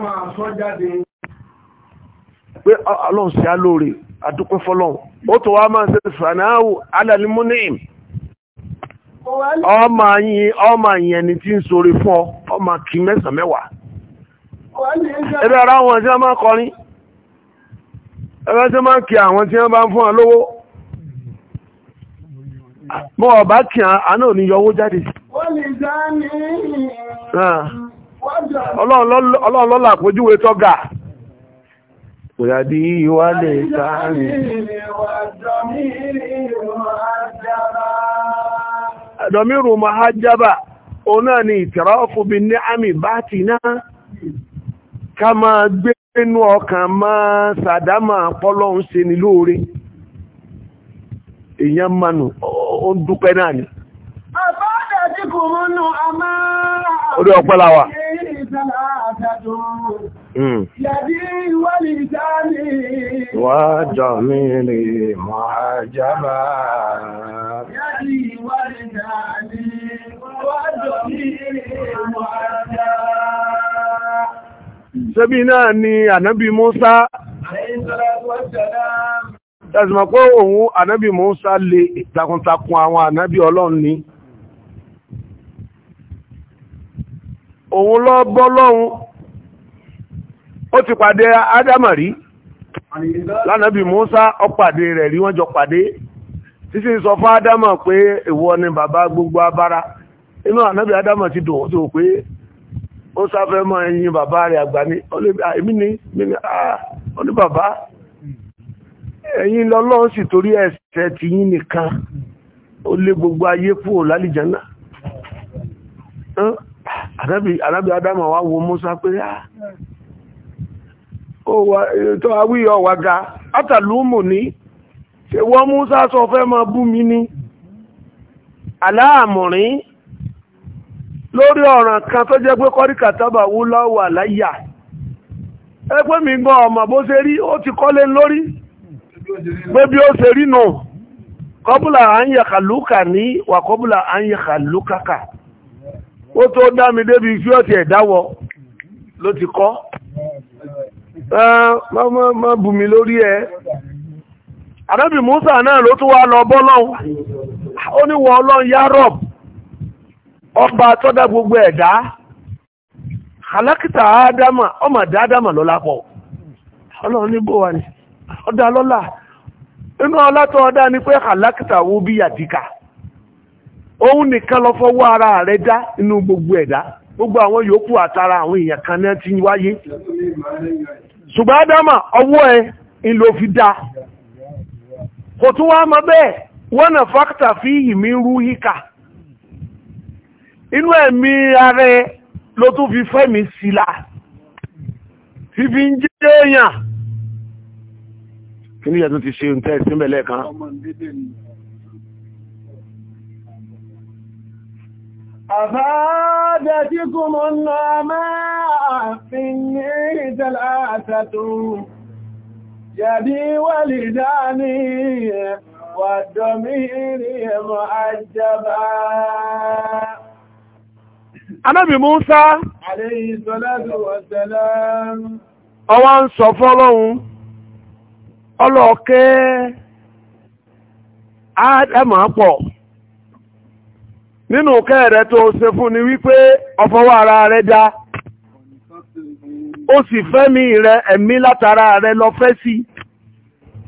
máa sọ jáde pé ọlọ́run sí alóore àdúpẹ́ fọlọ́run ó tó wá máa ṣe sànáwó alẹ́límúnìm ọmọ yìí ọmọ yìí ẹni tí ń sọre fún ọ ọmọ kì í mẹ́sàn-án mẹ́wàá ẹbí ara wọn tí wọ́n máa kọrin ẹbí tí wọ́n máa kí àwọn tí wọ́n bá ń fún ọ lówó mọ́ ọ̀bá kí àánú ò ní yọ owó jáde. ó lè dá ní ìrìn ah. ọlọ́run lọ́la àpójúwe bí lè sáàrin mahajjaba náà ni ní àmì bá ti náà ká máa gbé inú ọkàn máa sàdámà pọ́lọ́un ni lóore ó ń dúpẹ́ náà ni ثلاثة يدي ولساني وجميلي معجبا يدي ولساني وجميلي معجبا ṣebí náà ni ànábì Mùsá ẹ̀sùn mọ̀ pé òun ànábì Mùsá lè takuntakun àwọn ànábì Ọlọ́run ni òun lọ bọ́ lọ́hun ó ti pàdé ádámàrí lánàbí Mùsá ọpàdé rẹ̀ rí wọ́n jọ pàdé títí sọ fún ádámà pé ìwọ ni bàbá gbogbo abára inú ànábì ádámà ti dùn ó pé ó sáfẹ́ mọ́ ẹyin bàbá rẹ̀ àgbà ní èmi ni lọ́lọ́run sì torí ti yín nìkan ó lé gbogbo ayé kúrò anábì adama wá wo Musa pé ah, á tó awí ọ̀wàga átàlúmù ní ṣe wọ́n Musa sọ fẹ́ ma bú mi ní aláàmùrín lórí ọ̀ràn kan tó jẹ́ pé kọ́ríkà tábà wú lọ́wọ́ àláyà ẹgbẹ́ mi gbọ́ ọmọ bó ṣe rí ó ti kọ́lé lórí pé bí ó ṣe rí nù kọ́bùlà à lúkà ní wà kọ́bùlà à lúkàkà ó tó dá mi débi kí ọ̀tí ẹ̀dáwọ̀ ló ti kọ́ má bù mí lórí ẹ àdábì Musa náà ló tún wá lọ bọ́lọ́hún ó ní wọ ọlọ́run yarob ọba tọ́dá gbogbo ẹ̀dá alákìtà ádámà ọmọ àdá ádámà lọ́lá pọ̀ ọlọ́run ní bó wà ni ọdá lọ́lá inú ọlá tó ni pé alákìtà wo bí yàdíkà òun nìkan lọ fọwọ́ ara rẹ̀ dá inú gbogbo ẹ̀dá gbogbo àwọn yòókù àtara àwọn èèyàn kan náà ti wáyé ṣùgbọ́n Adama ọwọ́ ẹ ìlò fi dá kò tún wá mọ́ bẹ́ẹ̀ wọ́n nà fákítà fi ìmí rú híkà inú ẹ̀mí ara ẹ ló tún fi fẹ́mi sílá fífi ń jẹ́ èèyàn kí ni ti ṣe ń tẹ́ ìsínbẹ̀lẹ̀ kan أفادتكم النعماء مني ثلاثة يدي ولداني والضمير معجبا Anábì Músá, Alayhi salatu wa salam, ọwá ń sọ fọ́lọ́hun, ọlọ́ọ̀kẹ́ Ádámà pọ̀ nínú kẹ́ẹ̀rẹ́ tó ṣe fún ni wípé ọfọwọ́ ara rẹ̀ dá ó sì fẹ́mi rẹ̀ ẹ̀mí látara rẹ̀ lọ fẹ́ sí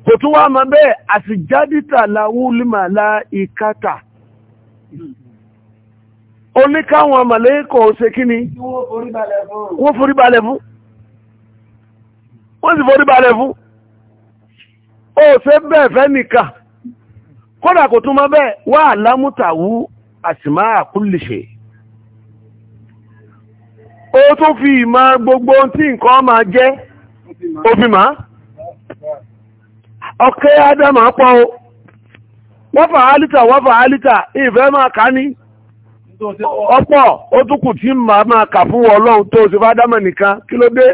kò tún wá mọ́ bẹ́ẹ̀ àtìjádìtà láwúlìmàlá ìkátà ó ní káwọn mọ̀lẹ́kọ̀ ṣe kí ni wọ́n forí balẹ̀ fún wọ́n sì forí balẹ̀ fún ó ṣe bẹ́ẹ̀ fẹ́ nìkan kódà kò tún mọ́ bẹ́ẹ̀ wà lámútàwú àsìmá kulli shay ó tún fi ìmọ̀ gbogbo tí nǹkan máa jẹ́ òfin ọkẹ́ ádámà pọ̀ o wọ́n fà álítà wọ́n fà álítà ìfẹ́ máa ká ní ọ̀pọ̀ ó tún kù tí màá máa kà fún ọlọ́run tó ṣe fádámà nìkan kí ló dé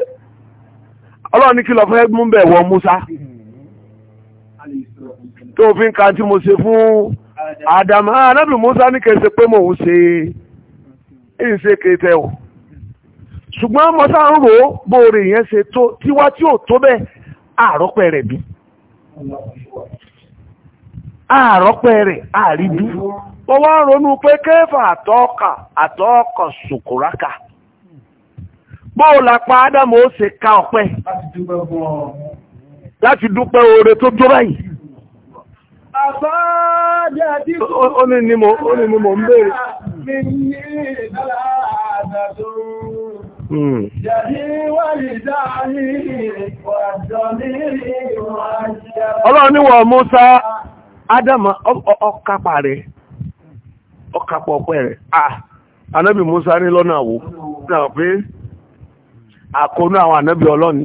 ọlọ́run ní kí lọ fẹ́ mú bẹ̀ wọ Musa tó fi ń ka tí mo ṣe fún àdàmà anábì ah, musa ní kẹsẹ̀ pé mò ń ṣe ń ṣe kété o ṣùgbọ́n mọ́sá ń rò ó bóore yẹn ṣe tó tiwa tí ò tó bẹ́ẹ̀ àrọ́pẹ́ rẹ̀ bí àrọ́pẹ́ rẹ̀ àrídú ó wá ronú pé kéfà àtọ́ọ̀kà àtọ́ọ̀kà ṣùkúráka bóò lápá ádámù ó ṣe ka ọpẹ́ láti dúpẹ́ oore tó tó báyìí Ó ń bèèrè. Hmm. Ọlọ́run níwọ̀ Musa Adama ọkàpà rẹ̀, ọkàpọ̀ ọ̀pẹ́ rẹ̀. Ah, Musa ní lọ́nà àwò, náà pé àkónú àwọn ọlọ́ni.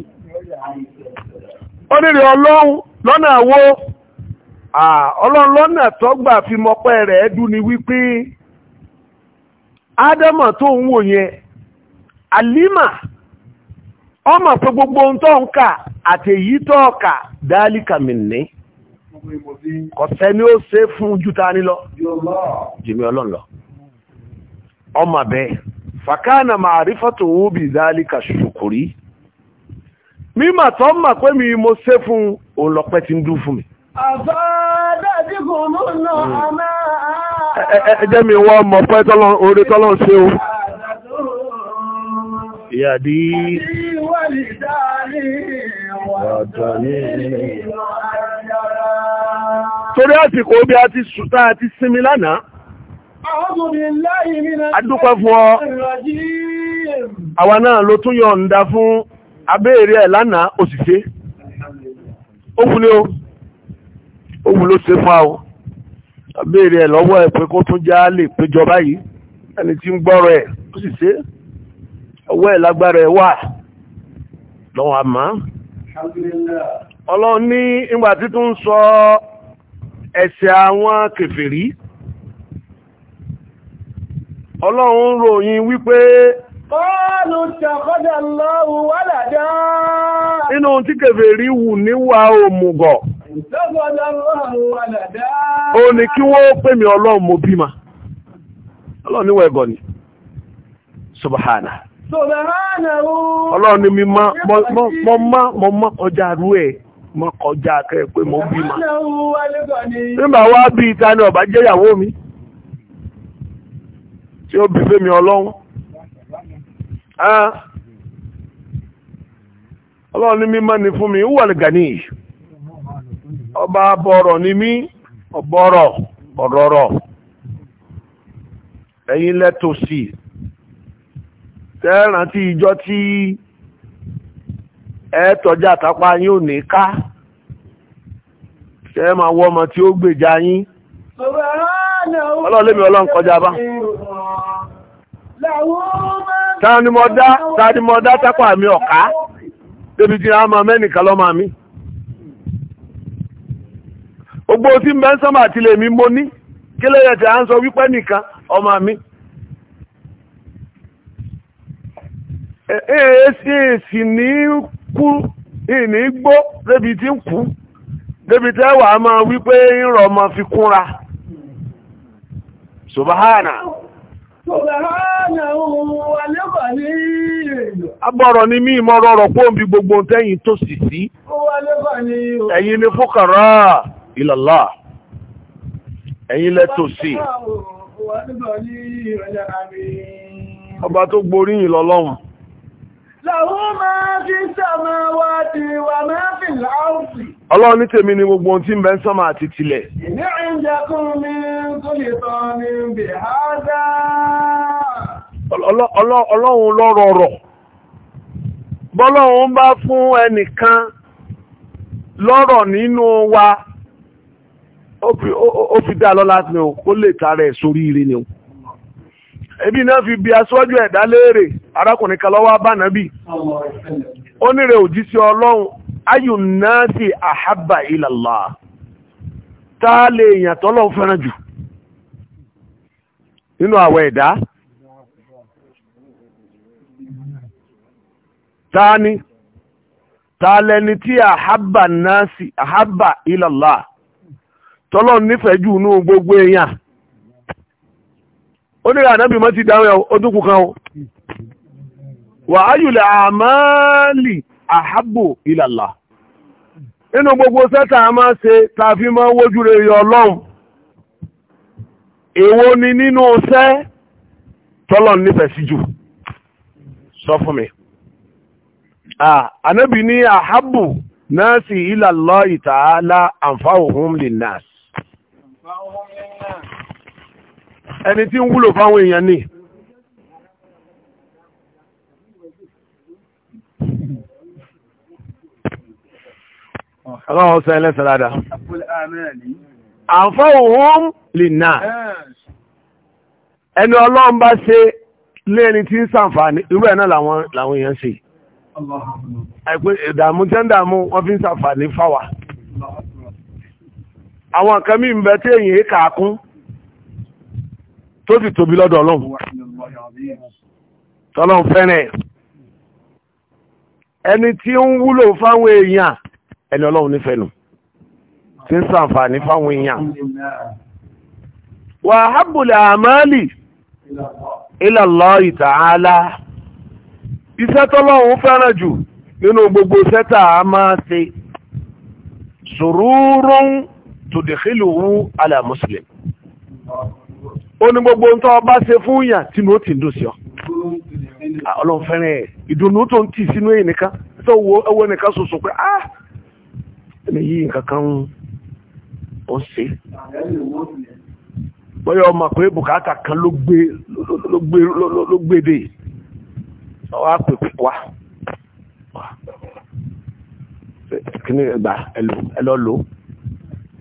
Ó ọlọ́run lọ́nà ọlọ́run lọ́nà fi mọ́pẹ́ rẹ̀ ni wípé ádámà tó ń wò yẹn àlímà ọmọ pé gbogbo ohun tó ń kà àti èyí tó kà dálíkà mi ní kọ̀sẹ́ ni ó ṣe fún ojú ta ní lọ jìmí ọlọ́run lọ ọmọ fàkánà mi mo ṣe fún òun lọ́pẹ́ ti ẹjẹ́ mi wọ́n mọ̀ pẹ́ tọ́lọ́ orí tọ́lọ́ ṣe o ìyàdí torí àsìkò bí a ti sùtá àti sinmi lánàá adúpẹ́ fún ọ àwa náà ló tún yọ̀ǹda fún abẹ́ẹ̀rẹ́ ẹ̀ lánàá òṣìṣẹ́ ó o. ó wúló ṣe fún àwọn béèrè ẹ̀ lọ́wọ́ ẹ̀ pé kó tún já lè péjọ báyìí ẹni tí ń gbọ́rọ̀ ẹ̀ ó sì ṣe ọwọ́ ẹ̀ lágbára ẹ̀ wà lọ́wọ́ àmá ọlọ́run ní ìgbà títún sọ ẹ̀ṣẹ̀ àwọn kèfèrí ọlọ́run ròyìn wípé Kọ́ọ̀lù tàkọ́dà lọ́wọ́ wádàdá. Inú tí kèfèrí wù níwà òmùgọ̀. ó ní kí wọ́n pè mí ọlọ́run mo bímọ ọlọ́run níwọ̀ ni subahana ọlọ́run ni mi mọ́ mọ́ mọ́ kọjá rú ẹ̀ mọ́ kọjá kẹ́ pé mo bímọ nígbà wá bí ìta ni ọ̀bá jẹ́ mi tí ó bí fẹ́mi ọlọ́run ah. ọlọ́run ni mi mọ́ ni fún mi wọ́n gani yìí. ọba bọ̀rọ̀ n'imi mí ọ̀bọ̀rọ̀ ọ̀rọ̀rọ̀ ẹ̀yin lẹ́tọ̀sí tẹ́rántí ìjọ tí ẹ tọ́jà tápá ò ní ká tẹ́ ma wọ́ ọmọ tí ó gbèjà yín bá ni dá mi ọ̀ká débi tí a máa gbogbo tí ń bẹ ń sánmà àti mo ní kí lè yẹtì ń sọ nìkan ọmọ mi èsì èsì ní kú ìní gbó débi tí ń kú débi tẹ́ wàá máa wípé ìrọ̀ ọmọ fi kúnra subahana. subahana ni mí ìmọ̀ rọrọ̀ gbogbo tẹ́yìn tó sì sí. ni ìlàlá ẹ̀yin sí ọba tó gborí ìlọ́lọ́run Ọlọ́run ní tèmi ni gbogbo tí ń bẹ ń sánmà àti tilẹ̀. Ìní ìjẹkùn mi tó ní bè há Ọlọ́run lọ́rọ̀ Bọ́lọ́run bá fún ẹnìkan lọ́rọ̀ nínú wa ó fi dá lọ́lá ni o kó lè tara ẹ̀ sórí ire ni o ebi náà fi bí aṣọ́jú ẹ̀dá léèrè arákùnrin kan lọ́wọ́ abánàbì ó ní rẹ̀ òjíṣẹ́ ọlọ́run ayù náà sì àhábà ìlàlá tá a lè yàn tọ́lọ́ fẹ́ràn jù nínú àwọ̀ ẹ̀dá tá a a lẹni tí àhábà náà àhábà ìlàlá tọ́lọ́ nífẹ̀ẹ́ jù nú gbogbo èèyàn onírà ànábì mọ́ ti dáwẹ́ ọdúnkù kan o wà áyùlẹ̀ àmàlì àhábò ìlàlà nínú gbogbo sẹ́ta a máa ṣe fi máa wójú rẹ̀ yọ ọlọ́run èwo ni nínú sẹ́ tọ́lọ́ nífẹ̀ẹ́ sí jù sọ fún mi ànábì ní àhábò náà sì ìlàlọ́ ìtàálá àǹfààhùn lè náà ẹni tí ń wúlò fáwọn èèyàn ni ọlọ́run sọ ẹlẹ́sẹ̀ dáadáa àfọ́wọ́n lè náà ẹni ọlọ́run bá ṣe lẹ́ni tí ń sàǹfààní irú ẹ̀ náà làwọn èèyàn ṣe àìpé ìdààmú tẹ́ndàmú wọ́n fi ń sàǹfààní fáwà àwọn nǹkan mí ń bẹ tí èyí kàákún tó sì tóbi lọ́dọ̀ ọlọ́run tọ́lọ́run fẹ́rẹ̀ ẹni tí ń wúlò fáwọn èèyàn ẹni ọlọ́run nífẹ̀ẹ́ nù tí ń sàǹfààní fáwọn èèyàn wà hábùlẹ̀ àmálì ila Allah ta'ala iṣẹ́ tọ́lọ́run fẹ́ràn jù nínú gbogbo sẹ́tà a máa ṣe sùúrùn tòdìkìlùwú alà muslim ó ní gbogbo ń tọ́ bá ṣe fún yàn tí ní ó ti dùn sí ọ ọlọ́fẹ́rẹ́ ìdùnnú tó ń tì sínú èyí nìkan tó wo ẹwọ́ nìkan ṣoṣo pé ah ẹni yìí nǹkan kan ó ń ṣe bóyá ọmọ pé bùkátà kan ló gbé ló gbé dé ọwọ́ àpè wá kí ni ẹgbà ẹlọ́lọ́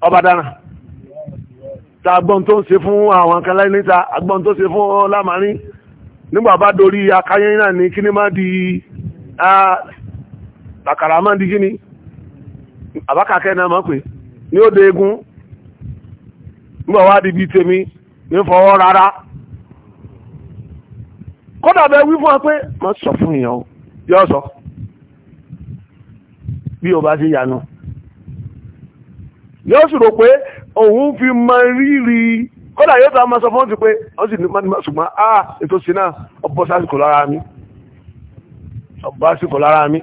ọba dára ta agbọ́n tó ń ṣe fún àwọn kan láì níta agbọ́n tó ṣe fún lámarin nígbà bá dorí akáyẹ́ náà ní kíní má di àkàrà má di kíní àbákàkẹ́ náà má pè ní ó de egun nígbà wá di bí tèmi ní fọwọ́ rárá kódà bẹ wí fún wa pé má sọ fún ìyàn yóò sọ bí o bá ṣe yanu. yóò sì rò pé òun fi mọ rírì kódà yóò tó a máa sọ fún ọ́n ti pé a ah, ètò sí náà ọ̀bọ̀ sásìkò lára mi ọ̀bọ̀ sásìkò lára mi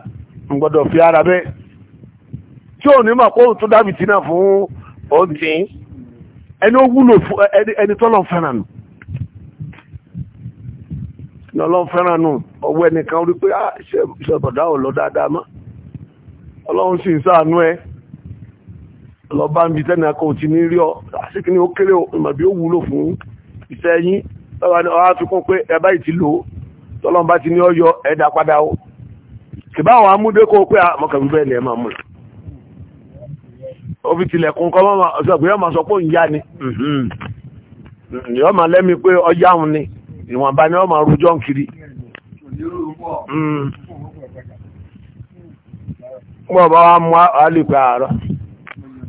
n gbọ́dọ̀ fi ara bẹ́ẹ̀ tí ò ní mà kó tó dábì tí náà fún ti ẹni ó wúlò fún ẹni tọ́lọ̀ fẹ́ràn nù fẹ́ràn nù lọ bá ń bi tẹ́nà kò tí ní rí ni ó kéré ìmọ̀bí ó wúlò fún iṣẹ́ yín lọ́wọ́ ni ọ̀há fi kún pé ẹ̀bá ìtì lò ó tọ́lọ́n bá ti ní ọyọ ẹ̀dá padà ó kìbá àwọn amúdé kó pé àmọ́kàbí ah, bẹ́ẹ̀ máa mú ó fi tilẹ̀kùn kọ́ máa sọ pé yọ́ máa sọ pé òun yá ni ni ìwọ̀nba ni máa kiri bá wa mú àárọ̀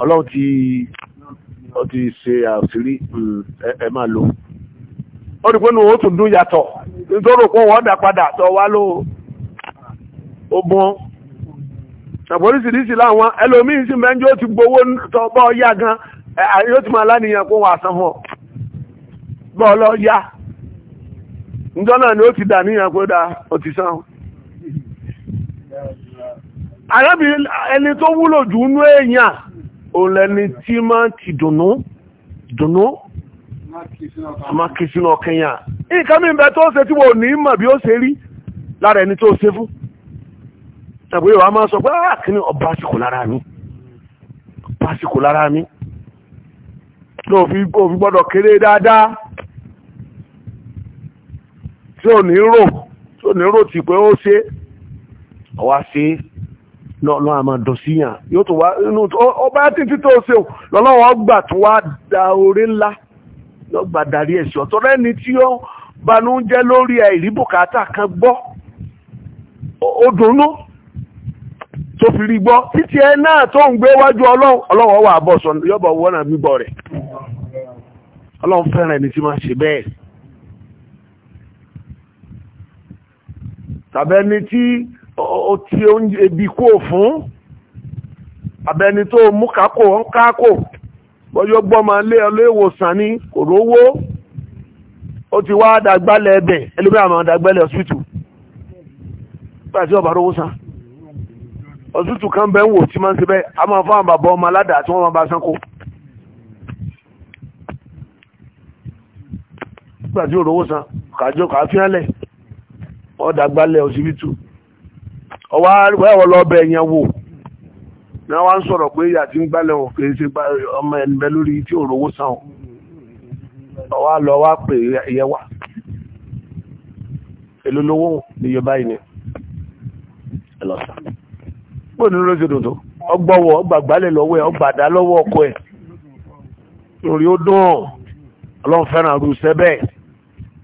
ọlọ́run ti ó ti ṣe àṣírí mm, ẹ máa lò ó rí pé ó tún dún yàtọ̀ nítorí pé wọ́n dà padà tó wá ló láwọn ẹlòmíín ti gbowó tó bọ́ yá gan yóò ti máa àsan bọ́ lọ yá náà ni ó ti dà níyàn pé dá ó ti ẹni òun lẹni tí máa ti dùnú dùnú máa kì sínú ọkẹyà nǹkan mi bẹ tó ṣe tí wọn ò ní mọ̀ bí ó ṣe rí lára ẹni tó ṣe fún tàbí ìwà máa sọ pé àkíní ah, ọba àsìkò lára mi ọba àsìkò lára mi ló gbọ́dọ̀ kéré dáadáa tí ò ní rò tí ò ní rò tí pé ó ṣe ọwá ṣe é lọ́nà àmà dọ̀síyàn yóò tó wá inú ọba títí tó ṣe lọ́lọ́wọ́ gbà tó wá da orí ńlá lọ́gbà darí ẹni tí ó banújẹ́ lórí àìrí bùkátà kan gbọ́ ó tó fi rí gbọ́ títí ẹ náà tó ń gbé wájú ọlọ́run ọlọ́wọ́ wà bọ̀ sọ yọ́bọ̀ ó ti oúnjẹ ebi kò fún abẹni tó mú kákò ń kákò bọ́jọ́ gbọ́mọ lé ọlọ́ìwòsàn ní kò rówó ó ti wá dàgbálẹ̀ ẹbẹ̀ ẹlòmí àmọ́ dàgbálẹ̀ ọ̀sùtù pàtí ọba rówó san ọ̀sùtù kan bẹ́ ń wò tí máa ń ṣe bẹ́ a máa fáwọn bàbá ọmọ aládàá tí wọ́n máa bá sánkó pàtí òrówó san kàjọ kàáfíálẹ̀ ọ̀dàgbálẹ̀ ọ̀sùtù ọwọ́ àwọ̀ lọ bẹ ẹ̀yàn wò náà wá ń sọ̀rọ̀ pé ìyà tí ń gbálẹ̀ wọn kìí ṣe ọmọ ẹ̀nbẹ̀ lórí tí ò rówó san ọwọ́ lọ pè ẹ̀yẹ wà ní yorùbá yìí ni ẹlọ́sà pọ̀ nínú lóṣù dòdò ọgbọ́wọ́ ọgbàgbálẹ̀ lọ́wọ́ ẹ̀ ọgbàdá lọ́wọ́ ọkọ ẹ̀ lórí ó dùn ọlọ́run fẹ́ràn sẹ́bẹ̀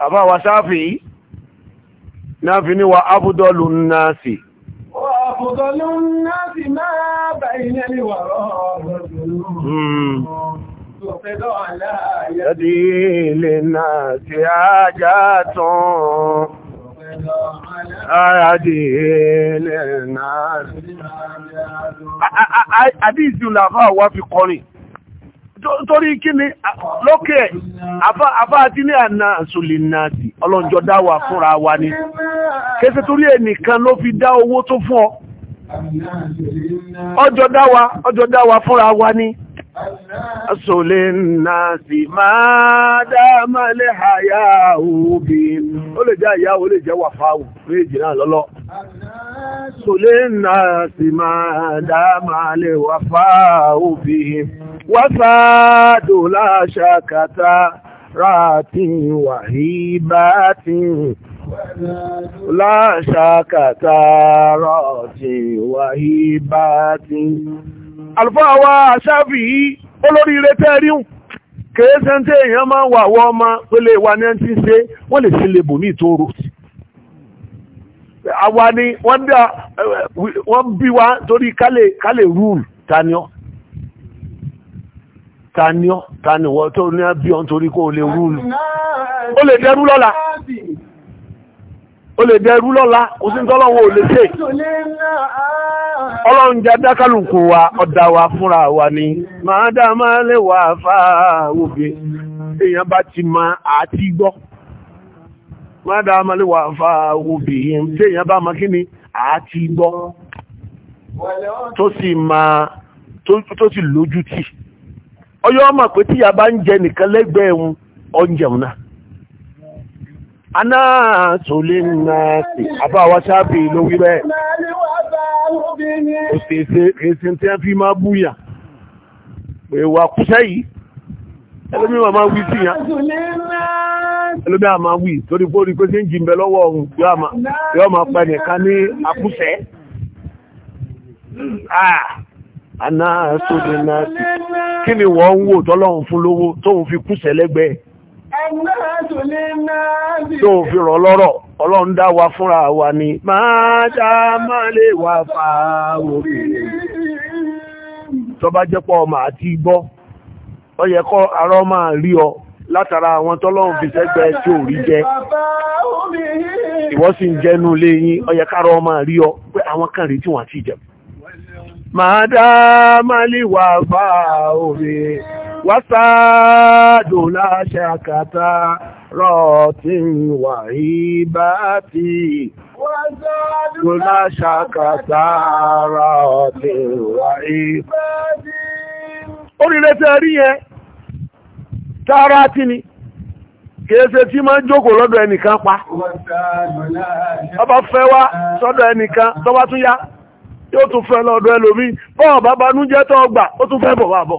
àbá wa sáfì náà fi ní wa ábúdọ́lù náà sì Àbùkọ̀lú náà sì máa bá ilé níwàrọ̀ ọ̀rọ̀ Yàdí ilé náà ti ajá tán. Àyàdí ilé náà ti Àdí ìjùlọ àfáà wá fi kọrin. Torí kí ni lókè àfáà tí ní àna àṣòlè náà ti ọlọ́njọ́ dáwà fúnra wa ni. ọjọ́ dá wa ọjọ́ dá fúnra wa ni asòlè náà sì máa dáàmà lè àyà òbí ó lè jẹ́ àyà ó lè jẹ́ wà fáwù méjì náà lọ́lọ́ sòlè náà sì máa dáàmà lè wà fáwù bí ráàtì wàhíbàtì láṣàkàtà rọ̀tì wàhíbá ti àlùfáà wa aṣáfì yìí olóríire tẹ́ríhùn kèé sẹ́ńtẹ́ èèyàn máa wà wọ́ ọmọ pélé wa ní ẹntì ṣe wọ́n lè sí lebò ní ìtòrò àwa ni wọ́n bí wa torí kálẹ̀ rúùlù taniọ́ taniọ́ taniọ́ tó ní bí wọn torí kó lè rúùlù ó lè dẹrú lọ́la ó lè dẹrú lọ́la kò sí tọ́lọ́wọ́ ò lè ṣe ọlọ́run jẹ́ dákàlùkù wa ọ̀dà wa fúnra wa ni máa dá máa lè wà èèyàn bá ti ma àti gbọ́ máa dá máa lè wà fáà òbí èèyàn bá ma kí ni àti gbọ́ tó sì ma tó ti lójú tì ọyọ́ ọmọ pé tíyà bá ń jẹ nìkan lẹ́gbẹ̀ẹ́ òun ọ̀njẹun aná tòlé nàásì àbáwá ṣáàbì ló wí bẹ́ẹ̀ òsèsè tí a fi máa búyà pé wà kúṣẹ́ yìí ẹlòmí wà máa wí sí yá ẹlòmí à máa wí torí pé orí pé sí ń jì mbẹ lọ́wọ́ ọ̀hún yóò máa pẹ́ nìkan ní àkúṣẹ́ ah, aná tòlé nàásì kí ni wọ́n ń wò tọ́lọ́hun fún lówó tóun fi kúṣẹ́ lẹ́gbẹ̀ẹ́ tó fi rọ̀ lọ́rọ̀ ọlọ́run dá wa fúnra wa ni máa dá máa lè wà fàáwò tó bá jẹ́pọ̀ ọmọ àti igbọ́ ó kọ́ arọ́ máa rí ọ látara àwọn tọ́lọ́run fi sẹ́gbẹ́ tí ò rí jẹ́. ìwọ ń jẹ́nu lé yín ó yẹ kárọ́ máa rí ọ pé àwọn kan rí tí wọ́n ti jẹ máa dá máa lè wà fàáwò وساد لا شكتا رات وعيباتي وساد لا شكتا رات وعيباتي orílẹ̀ tẹ́ rí yẹn tààrà tí ni kèése tí máa ń jókòó lọ́dọ̀ ẹnìkan pa ọba fẹ́ wá sọ́dọ̀ ẹnìkan tọ́bá tún yá yóò tún fẹ́ lọ́dọ̀ ẹlòmí bọ́ọ̀ bá banújẹ́ tọ́ gbà ó tún fẹ́ bọ̀ bá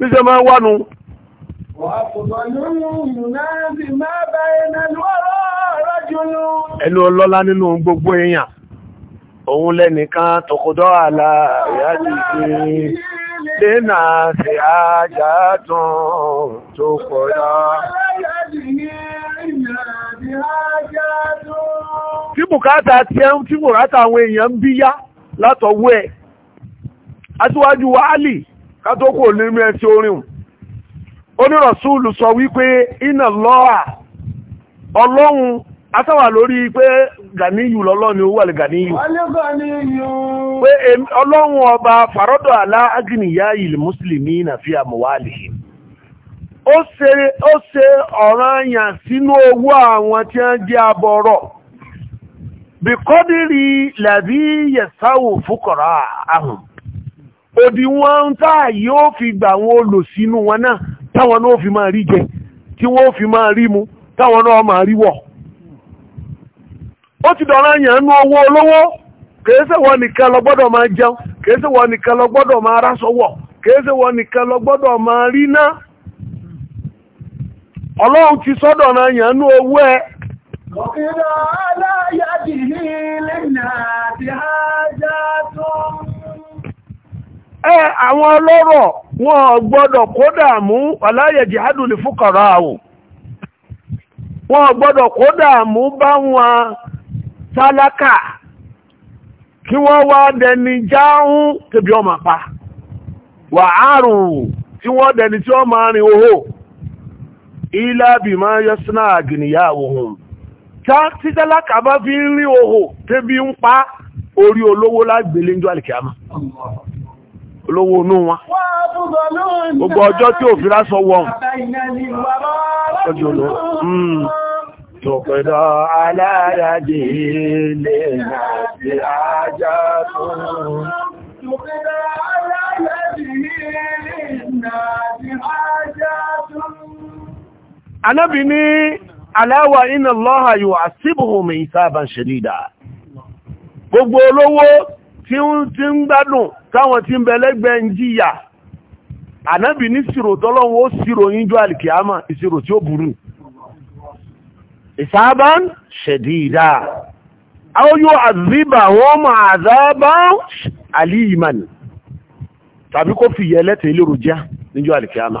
bí ṣe máa wánu. ẹnu ọlọ́lá nínú gbogbo èèyàn òun lẹ́nìkan tọkọdọ́ àlà ìyájú ṣe lẹ́nà sí ajá tán tó kọjá. tí bùkátà tí ẹ tí bùkátà àwọn èèyàn ń bíyá látọ̀wọ́ ẹ̀ aṣíwájú wa kátókò nínú ẹsẹ orin onírọ̀súlù sọ wípé iná lọ́wà ọlọ́run asáwà lórí pé gàníyù lọ́lọ́ ni ó wà lè gàníyù pé ọlọ́run ọba fàrọ́dọ̀ alá agìnìyà ilẹ̀ mùsùlùmí nà fi àmúwálì ó ṣe ọ̀ranyàn sínú owó àwọn tí a jẹ́ abọ́rọ̀ bí kọ́dìrí làbí yẹ̀sáwò fúkọ̀rọ̀ àhùn òdìwọ̀n tá yóò fi gbà wọn olùsínú wọn náà táwọn náà fi máa rí jẹ tí wọ́n fi máa rí mu táwọn náà máa rí wọ̀. ó ti dọ̀rọ̀ yàn nú owó olówó kìí wọn nìkan lọ gbọ́dọ̀ máa jẹun kìí wọn nìkan lọ gbọ́dọ̀ máa ráṣọ wọ̀ kìí wọn nìkan lọ gbọ́dọ̀ máa rí ná. ọlọ́run ti sọ́dọ̀ náà yàn nú owó ẹ. ọ̀kìnrin aláyàjì ẹ àwọn ọlọ́rọ̀ wọn gbọ́dọ̀ kódà mú aláyẹ̀ jihadu lè fúkàrà àwò wọn gbọ́dọ̀ kódà mú bá wọn tálákà kí wọ́n wá dẹni jáún tẹbí ọmọ pa wà áàrùn tí wọ́n dẹni tí wọ́n máa rin owó ìlàbì máa yọ sínú àgìnìyà òhun tí tálákà bá fi ń rí owó tẹbí ń pa orí olówó lágbèlé ń jọ àlìkíyàmá olówó inú wọn gbogbo ọjọ́ tí òfin lásán wọ̀n ọjọ́ lọ hmm. Tòkòdọ̀ alárádé lè náà sí ajá tó rùn. Tòkòdọ̀ alárádé lè Anábì ní aláwà iná lọ́ha yóò mi ìsáàbà ṣe rí Gbogbo olówó tí ń gbádùn káwọn tí ń bẹ lẹ́gbẹ̀ẹ́ ń jìyà ànábì ní ṣirò tọ́lọ́wọ́ ó ṣirò yín jọ àlìkìámà ìṣirò tí ó burú ìsáàbán ṣẹ̀dìdà aóyó àzíbà wọ́n ma àzábá àlìyìmàn tàbí kó fìyẹ lẹ́tẹ̀ẹ́ lérò jẹ́ níjọ́ àlìkìámà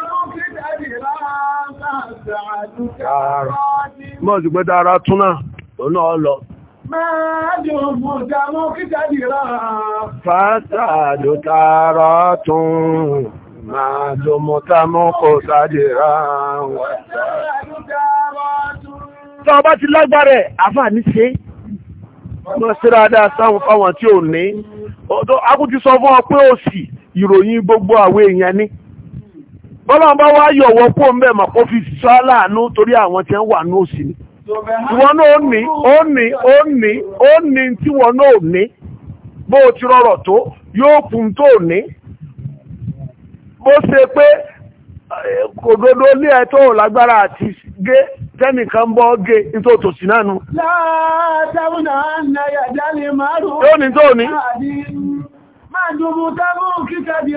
mọ́ sí pé dára túnà tó náà lọ Fásàdò tààrọ tún máa jò mọ̀ tàmọ́ kò sádìrá wọn. Tọ́ bá ti lágbára ẹ̀, àfà ní ṣe, mọ́ sí dáadáa sáwọn fáwọn tí ò ní. Akú ti sọ fún ọ pé òṣì ìròyìn gbogbo àwọn èèyàn ni. bọ́lọ́n bá wá yọ̀ wọ́ pò ń bẹ̀ kó fi sọ́ láàánú torí àwọn tí ń wà ní òsì ni ìwọ́n náà ó ní ó ní ó ní ó ní tí wọ́n náà ní bó o ti rọrọ̀ tó yóò kún tó ní bó ṣe pé òdodo ilé ẹ lágbára àti gé tẹ́nìkan bọ́ gé nítorí tòsí náà nu. náà na lè máa rò. ní tó ní. máa dùn mú tábù kíkẹ́ bí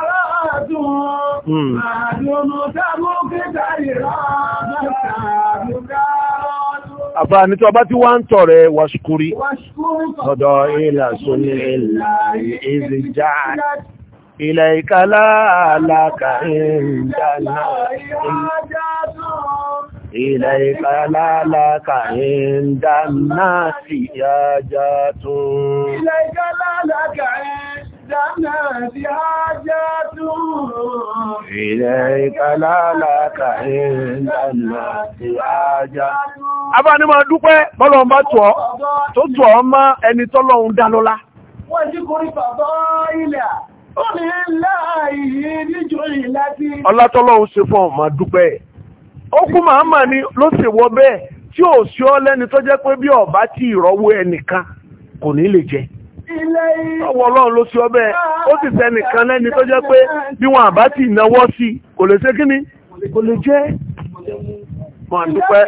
àrádùn àdùnú tẹ́mú kíkà ìrọ̀lọ́ta àbá ní tó bá tí wá ń tọrẹ wàṣkúrí ọ̀dọ̀ ilẹ̀ sóní ilẹ̀ ilẹ̀ ìkàlá àlàkà ìjànà ilẹ̀ ìkàlá àlàkà ìjànà sí ìyájá tún ilẹ̀ ìkàlá àlàkà ìjànà الجنة máa dúpẹ́ bọ́lọ̀n bá tọ́ tó tọ́ ọmọ ẹni tọ́lọ́run dá Wọ́n tí kò rí bàbá ilẹ̀, ó ní láàáyí níjò ìlàtí. Ọlátọ́lọ́run ṣe fún ọmọ dúpẹ́. Ó kú máa mà ní ló sì wọ bẹ́ẹ̀ tí ò sí ọ lẹ́ni tó jẹ́ pé bí ọ̀bá tí ẹnìkan ọwọ́ ọlọ́run ló ṣe ọbẹ̀ ó sì sẹ́nìkan lẹ́ni tó jẹ́ pé bí wọn àbá ti náwó sí kò lè ṣe kí ni kò lè jẹ́ mọ̀ àdúpẹ́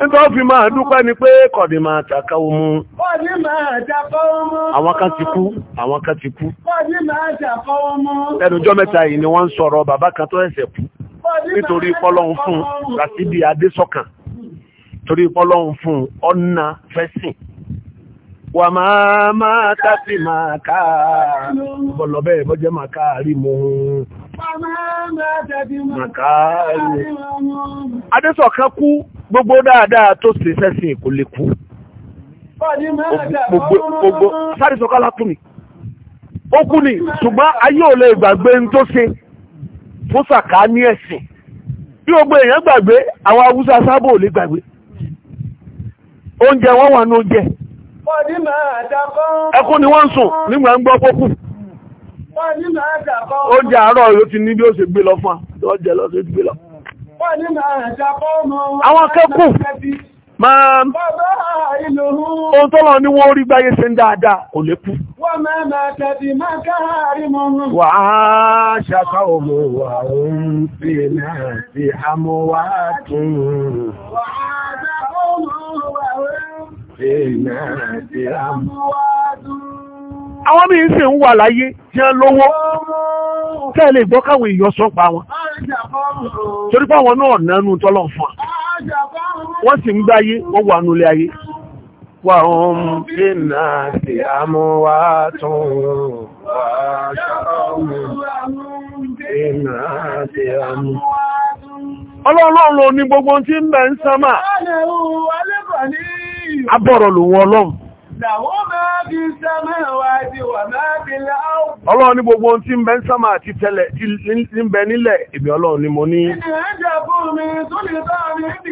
nítorí fi máa dúpẹ́ ni pé kọ̀dì máa tàkà omu àwọn kan ti kú àwọn kan ti kú ẹnujọ́ mẹ́ta yìí ni wọ́n ń sọ̀rọ̀ bàbá kan tó ẹ̀sẹ̀ kú nítorí pọ́lọ́hun fún Ràṣídì Adésọ̀kan torí pọ́lọ́hun fún ọ̀nà fẹ́sìn wà máa máa tàbí máa káà bọ̀lọ̀ bẹ́ẹ̀ bọ́jẹ́ máa káàrí mú adésọ̀kan kú gbogbo dáadáa tó sì sẹ́sìn kò lè kú gbogbo sáàdìsọ̀kan lápùnì ó kú ni ṣùgbọ́n ayé ò lè gbàgbé ń tó ṣe fún sàká ní ẹ̀sìn bí gbogbo èèyàn gbàgbé àwọn awúsá sábò lè gbàgbé oúnjẹ wọ́n wà ní oúnjẹ ẹkún ni wọ́n ń sùn nígbà ń gbọ́ pókù oúnjẹ àárọ̀ yóò ti ní bí ó ṣe gbé lọ fún wa lọ́jẹ́ lọ́sẹ̀ gbé lọ àwọn akẹ́kọ̀ọ́. máa ohun tó lọ ní wọ́n rí gbáyé ṣe ń dáadáa kò lè kú. wọ́n mẹ́mẹ́ kẹfì máa káàrí mọ́ mọ́. wà á ṣàkà òmò wà òun sí náà sí àmúwá tún. wà á ṣàkà òmò wà òun sí náà sí àmúwá tún. àwọn míì sì ń wà láyé jẹ́ lówó tẹ́lẹ̀ gbọ́ káwọn èèyàn sọ́pa wọn torí pé àwọn náà nánú tọ́lọ̀ fún wa. wọ́n sì ń gbáyé wọ́n wà nulẹ̀ ayé wà ọ̀hún dínà sí àmúwà gbogbo tí ń ń sánmà Ọlọ́run ní gbogbo ohun tí ń bẹ ń sámà àti tẹ́lẹ̀ tí ń bẹ nílẹ̀, èmi Ọlọ́run ni mo ní. Ìdí ẹ̀jẹ̀ fún mi tó lè bá mi ìdí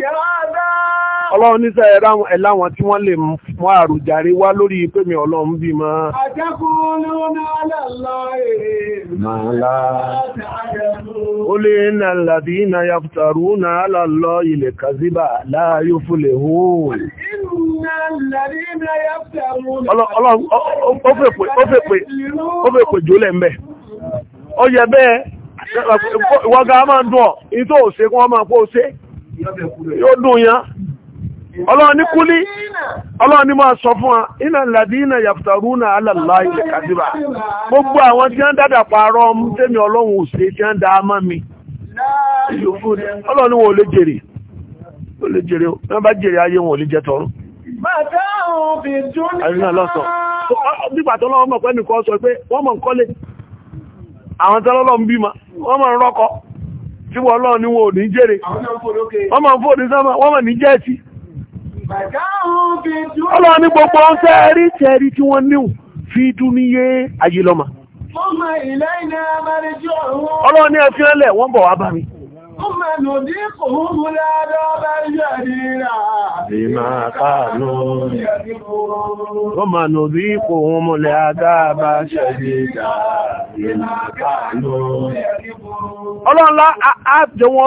ọlọ́run níṣẹ́ ẹ̀lá wọn tí wọ́n lè mọ àrùjàre wá lórí pèmí ọlọ́run bí mọ́. ó lè nà làbí nà yàfùtàrú nà àlàlọ́ ilẹ̀ kàzíbà láàyò fúlẹ̀ hóòwò. ọlọ́run ó fẹ́ pè jólẹ̀ mbẹ́ ó yẹ bẹ́ẹ̀ wọ́n ga máa dùn ọ́ ìtò òṣèkún ọmọ àpò òṣè yóò dùn yán ọlọọni kúlí ọlọ́run máa sọ fún wa iná ladina yaftaruna ala Allahi kadiba gbogbo àwọn tí wọ́n dádà pààrọ̀ ọmú tẹ́mi ọlọ́run òsè tí wọ́n a mọ́ mi ọlọ́run wọn ò lè jèrè ò lè jèrè wọ́n bá jèrè ayé wọn ò lè jẹ tọrún. bàtà òbí dún ní ń fò ní wọ́n ní jẹ́ Ọlọ́run ní gbogbo ń fẹ́ rí tẹ́rí tí wọ́n níwò fi dúníyé ayé lọ́mà. Ọlọ́run ní ẹ̀fí ẹlẹ̀ wọ́n bọ̀ wá bá mi. Ọmọ nòbí kò hún múlẹ̀ àdáàbá ṣẹ̀dẹ̀dà ìmàkà lórí. Ọlọ́run lá á tọ́wò.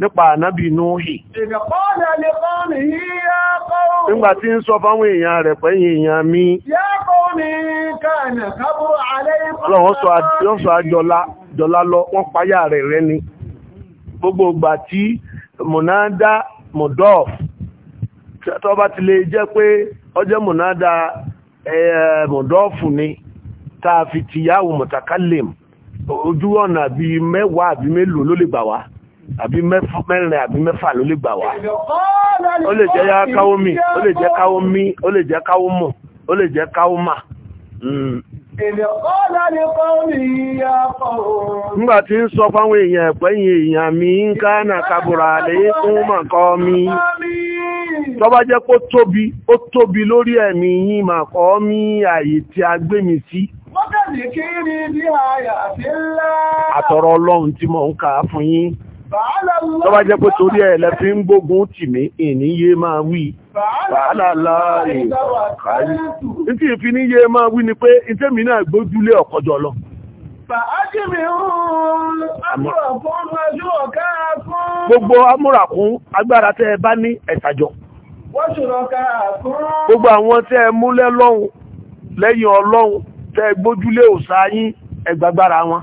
nípa ànábì núhì nígbà tí ń sọ fáwọn èèyàn rẹ̀ pẹ̀yìn èèyàn mi ọlọ́wọ́n sọ àjọlá lọ wọ́n páyà rẹ̀ rẹ́ ni gbogbo ìgbà tí mọ̀nádá mọ̀dọ́f tó ti lè jẹ́ pé ni tààfi tìyàwó mọ̀tàkálẹ̀m ojú ọ̀nà bí mẹ́wàá àbí mélòó ló lè gbà wá àbí mẹ́rin àbí mẹ́fà ló lè gbà wá ó lè jẹ́ káwó mi ó lè jẹ́ káwó mi ó lè jẹ́ káwó mọ̀ ó lè jẹ́ káwó mà. Hmm. Nígbà tí ń sọ fáwọn èèyàn ẹ̀pẹ́yìn èèyàn mi ń ká náà kàbùrà lè fún mi. Tó jẹ́ pé tóbi, ó tóbi lórí ẹ̀mí yín màkọ́ mi àyè tí a gbé mi sí. Àtọ̀rọ̀ Ọlọ́run tí mò ń kà á fún yín. tó bá jẹ́ pé torí ẹ̀ lẹ fi ń gbógun tì mí ìní yé máa wí bàálàlá ìwàkárí tí ìfi ní yé máa wí ni pé ìtẹ́mi náà gbójúlé ọ̀kọjọ lọ gbogbo amúrakún agbára tẹ́ ẹ bá ní ẹ̀sàjọ gbogbo àwọn tẹ́ ẹ múlẹ̀ lọ́hùn lẹ́yìn ọlọ́hun tẹ́ ẹ gbójúlé òsà yín ẹgbàgbára wọn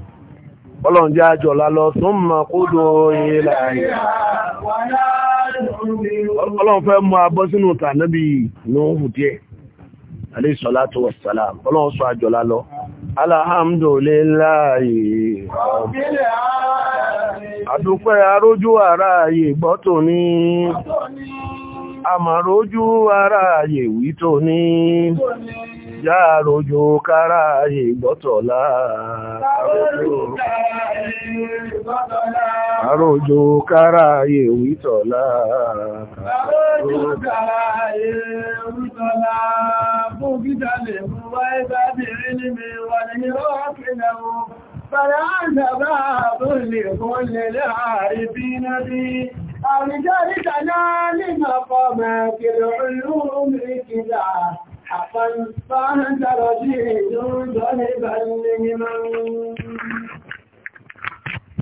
ọlọ́run jẹ́ àjọ lálọ tún ma kó dò ilẹ̀ àyà ọlọ́run fẹ́ mú abọ́ sínú tànábì Nuhu díẹ̀ alayhi salatu wassalam ọlọ́run sọ àjọ lálọ ara ní járojo kára ìgbọ́tọ̀lá àròjò kára ìwítọ̀lá Fàránà bá àbúlè fún lè láàrin bí náà bí àrìjọ́ ìtànà nínú ọkọ̀ mẹ́kìrì olóòrùn ìkìlá أفانت رجيد ذهبا لمن